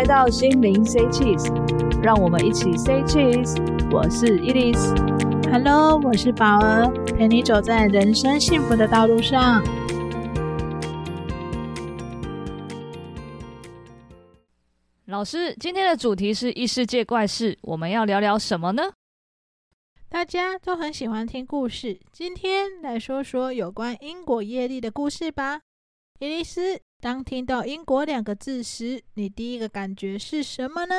來到心靈，say cheese，讓我們一起 say cheese。我是伊莉絲，Hello，我是寶兒，陪你走在人生幸福的道路上。老師，今天的主題是異世界怪事，我們要聊聊什麼呢？大家都很喜歡聽故事，今天來說說有關因果業力的故事吧，伊莉絲。當聽到“因果”兩個字時，你第一個感覺是什麼呢？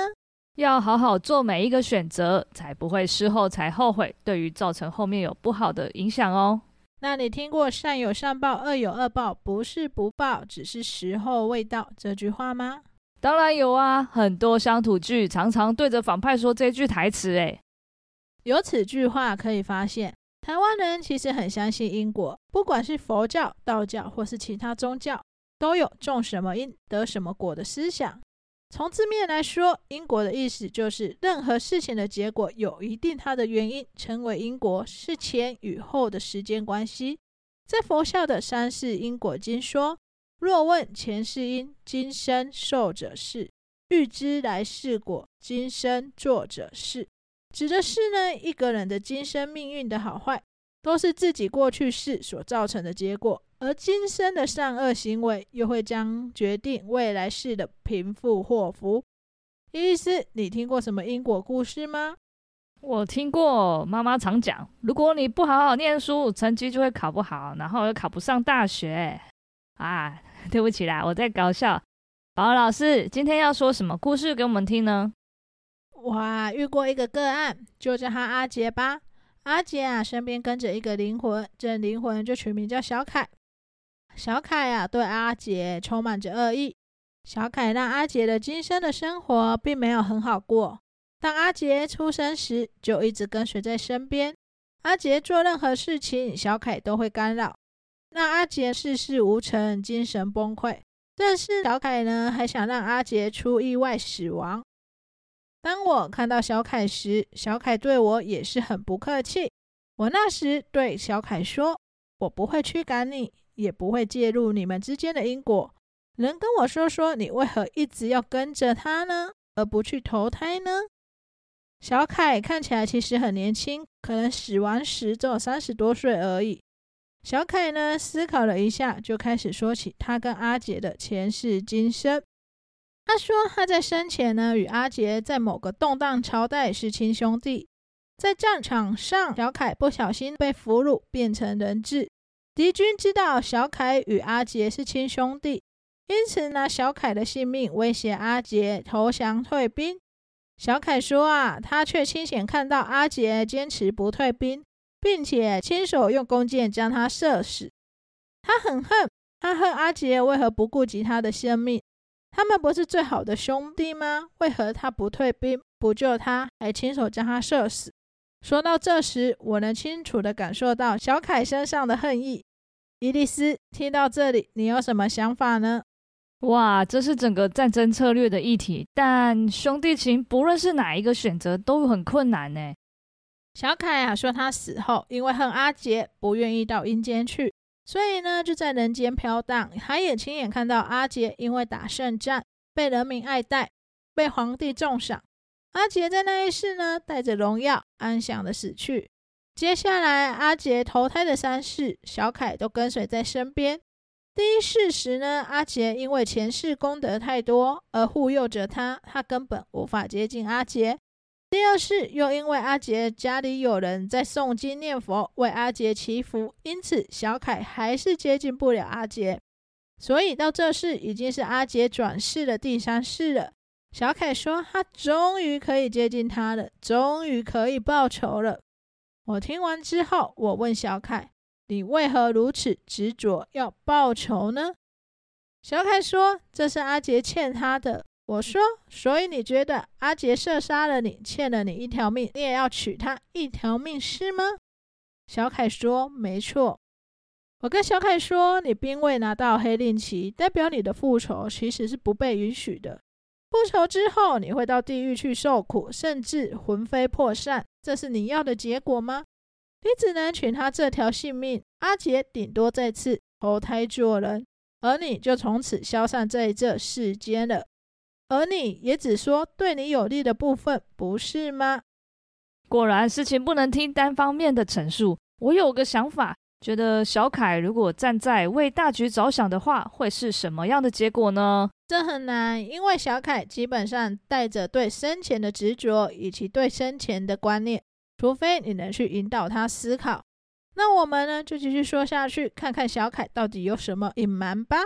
要好好做每一個選擇，才不會事後才後悔，對於造成後面有不好的影響哦。那你聽過“善有善報，惡有惡報，不是不報，只是時候未到”這句話嗎？當然有啊，很多鄉土劇常常對着反派說這句台詞。哎，有此句話可以發現，台灣人其實很相信因果，不管是佛教、道教或是其他宗教。都有種什麼因得什麼果的思想。從字面來說，因果的意思就是任何事情的結果有一定它的原因，成為因果，是前與後的時間關係。在佛教的《三世因果經》說：“若問前世因，今生受者是；欲知來世果，今生作者是。”指的是呢，一個人的今生命運的好壞，都是自己過去世所造成的結果。而今生的善惡行為，又會將決定未來世的貧富禍福。伊莉絲，你聽過什麼因果故事嗎？我聽過，媽媽常講，如果你不好好念書，成績就會考不好，然後又考不上大學。啊，對不起啦，我在搞笑。寶老師，今天要說什麼故事給我們聽呢？哇，遇過一個個案，就叫他阿杰吧。阿杰啊，身邊跟着一個靈魂，這靈魂就取名叫小凱。小凱啊，對阿杰充滿着惡意。小凱讓阿杰的今生的生活並沒有很好過。當阿杰出生時，就一直跟隨在身邊。阿杰做任何事情，小凱都會干擾，讓阿杰事事無成，精神崩潰。但是小凱呢，還想讓阿杰出意外死亡。當我看到小凱時，小凱對我也是很不客氣。我那時對小凱說：“我不會驅趕你。”也不會介入你們之間的因果。能跟我說說，你為何一直要跟着他呢？而不去投胎呢？小凱看起來其實很年輕，可能死亡時只有三十多歲而已。小凱呢，思考了一下，就開始說起他跟阿杰的前世今生。他說他在生前呢，與阿杰在某個動盪朝代是親兄弟。在戰場上，小凱不小心被俘虜，變成人質。敵軍知道小凱與阿杰是親兄弟，因此拿小凱的性命威脅阿杰投降退兵。小凱說：“啊，他却親眼看到阿杰堅持不退兵，並且親手用弓箭將他射死。他很恨，他恨阿杰為何不顧及他的性命？他們不是最好的兄弟嗎？為何他不退兵，不救他，還親手將他射死？”說到這時，我能清楚的感受到小凱身上的恨意。伊莉絲，聽到這裡，你有什麼想法呢？哇，這是整個戰爭策略的議題，但兄弟情，不論是哪一個選擇，都很困難呢。小凱啊，說他死後，因為恨阿傑，不願意到陰間去，所以呢，就在人間飄蕩。他也親眼看到阿傑因為打勝仗，被人民愛戴，被皇帝重賞。阿傑在那一世呢，帶着榮耀安詳的死去。接下來，阿傑投胎的三世，小凱都跟隨在身邊。第一世時呢，阿傑因為前世功德太多而護佑着他，他根本無法接近阿傑。第二世又因為阿傑家裡有人在誦經念佛為阿傑祈福，因此小凱還是接近不了阿傑。所以到這世已經是阿傑轉世的第三世了。小凱說：“他終於可以接近他了，終於可以報仇了。”我聽完之後，我問小凱：“你為何如此執着要報仇呢？”小凱說：“這是阿杰欠他的。”我說：“所以你覺得阿杰射殺了你，欠了你一條命，你也要取他一條命，是嗎？”小凱說：“沒錯。”我跟小凱說：“你並未拿到黑令旗，代表你的復仇其實是不被允許的。”復仇之後，你會到地獄去受苦，甚至魂飛魄散，這是你要的結果嗎？你只能取他這條性命，阿杰頂多再次投胎做人，而你就從此消散在這世間了。而你也只說對你有利的部分，不是嗎？果然，事情不能聽單方面的陳述。我有個想法。覺得小凱如果站在為大局着想的話，會是什麼樣的結果呢？這很難，因為小凱基本上帶着對生前的執着以及對生前的觀念。除非你能去引導他思考。那我們呢，就繼續說下去，看看小凱到底有什麼隱瞞吧。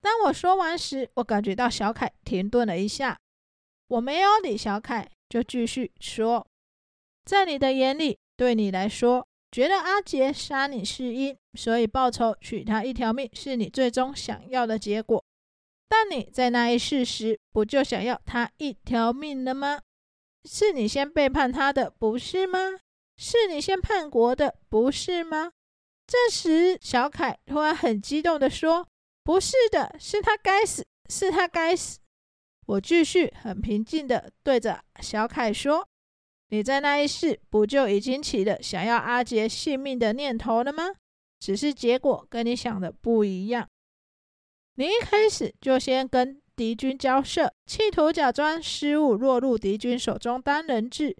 當我說完時，我感覺到小凱停頓了一下。我沒有理小凱，就繼續說：“在你的眼裡，對你來說。”覺得阿杰殺你是因，所以報仇取他一條命是你最終想要的結果。但你在那一世時，不就想要他一條命了嗎？是你先背叛他的，不是嗎？是你先叛國的，不是嗎？這時，小凱突然很激動的說：“不是的，是他該死，是他該死。”我繼續很平靜的對着小凱說。你在那一世不就已經起了想要阿杰性命的念頭了嗎？只是結果跟你想的不一樣。你一開始就先跟敵軍交涉，企圖假裝失誤，落入敵軍手中當人質。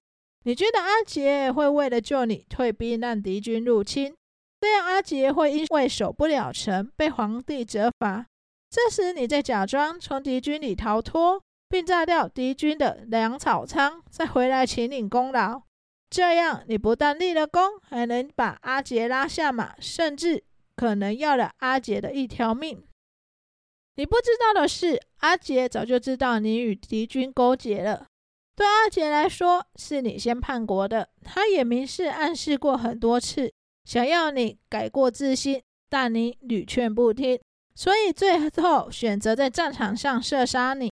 你覺得阿杰會為了救你，退兵讓敵軍入侵？這樣阿杰會因為守不了城被皇帝責罰。這時你再假裝從敵軍裡逃脫。並炸掉敵軍的糧草倉，再回來請領功勞。這樣你不但立了功，還能把阿傑拉下馬，甚至可能要了阿傑的一條命。你不知道的是，阿傑早就知道你與敵軍勾結了。對阿傑來說，是你先叛國的。他也明示暗示過很多次，想要你改過自新，但你屢勸不聽，所以最後選擇在戰場上射殺你。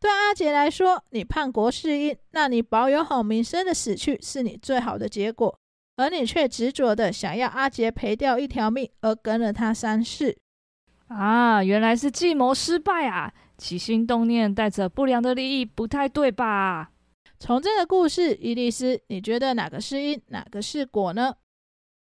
對阿杰來說，你叛國是因，那你保有好名聲的死去是你最好的結果，而你卻執着的想要阿杰賠掉一條命而跟了他三世。啊，原來是計謀失敗啊！起心動念帶着不良的利益，不太對吧？從這個故事，伊莉絲，你覺得哪個是因，哪個是果呢？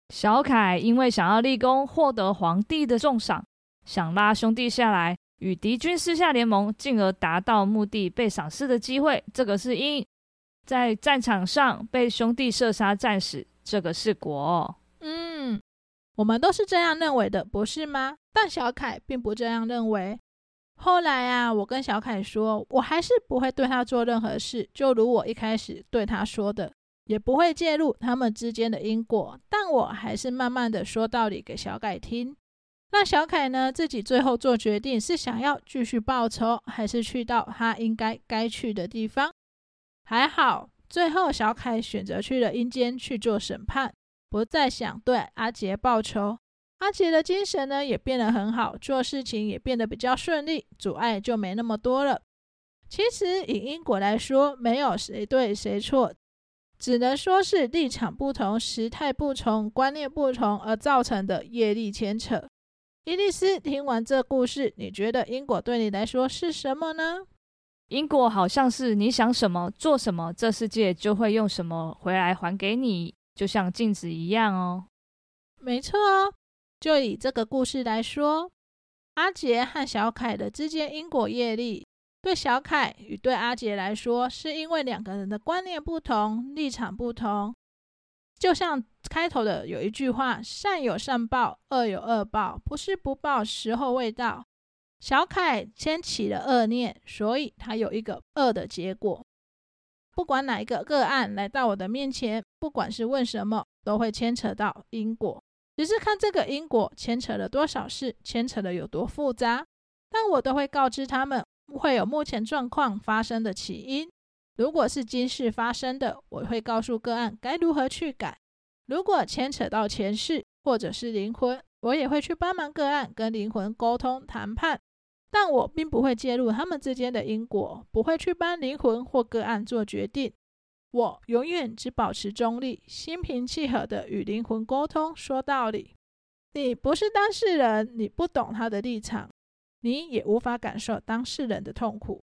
小凱因為想要立功，獲得皇帝的重賞，想拉兄弟下來。與敵軍私下聯盟，進而達到目的、被賞識的機會，這個是因；在戰場上被兄弟射殺戰死，這個是果。嗯，我們都是這樣認為的，不是嗎？但小凱並不這樣認為。後來啊，我跟小凱說，我還是不會對他做任何事，就如我一開始對他說的，也不會介入他們之間的因果。但我還是慢慢的說道理給小凱聽。那小凱呢？自己最後做決定是想要繼續報仇，還是去到他應該該去的地方？還好，最後小凱選擇去了陰間去做審判，不再想對阿杰報仇。阿杰的精神呢，也變得很好，做事情也變得比較順利，阻礙就沒那麼多了。其實以因果來說，沒有誰對誰錯，只能說是立場不同、時態不同、觀念不同而造成的業力牽扯。伊莉絲聽完這故事，你覺得因果對你來說是什麼呢？因果好像是你想什麼、做什麼，這世界就會用什麼回來還給你，就像鏡子一樣哦。沒錯哦，就以這個故事來說，阿杰和小凱的之間因果業力，對小凱與對阿杰來說，是因為兩個人的觀念不同、立場不同。就像開頭的有一句話：“善有善報，惡有惡報，不是不報，時候未到。”小凱牽起了惡念，所以他有一個惡的結果。不管哪一個個案來到我的面前，不管是問什麼，都會牽扯到因果，只是看這個因果牽扯了多少事，牽扯的有多複雜。但我都會告知他們，會有目前狀況發生的起因。如果是今世發生的，我會告訴個案該如何去改；如果牽扯到前世或者是靈魂，我也會去幫忙個案跟靈魂溝通談判。但我並不會介入他們之間的因果，不會去幫靈魂或個案做決定。我永遠只保持中立，心平氣和地與靈魂溝通，說道理。你不是當事人，你不懂他的立場，你也無法感受當事人的痛苦。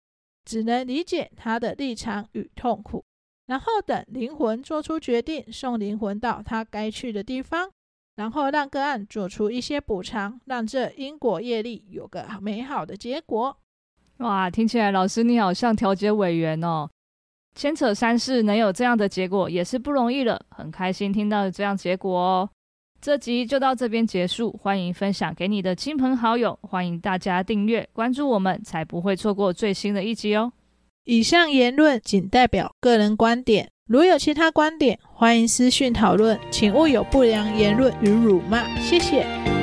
只能理解他的立場與痛苦，然後等靈魂做出決定，送靈魂到他該去的地方，然後讓個案做出一些補償，讓這因果業力有個美好的結果。哇，聽起來老師你好像調解委員哦，牽扯三世能有這樣的結果也是不容易了，很開心聽到這樣結果哦。這集就到這邊結束，歡迎分享給你的親朋好友，歡迎大家訂閱關注我們，才不會錯過最新的一集哦。以上言論僅代表個人觀點，如有其他觀點，歡迎私訊討論，請勿有不良言論與辱罵。謝謝。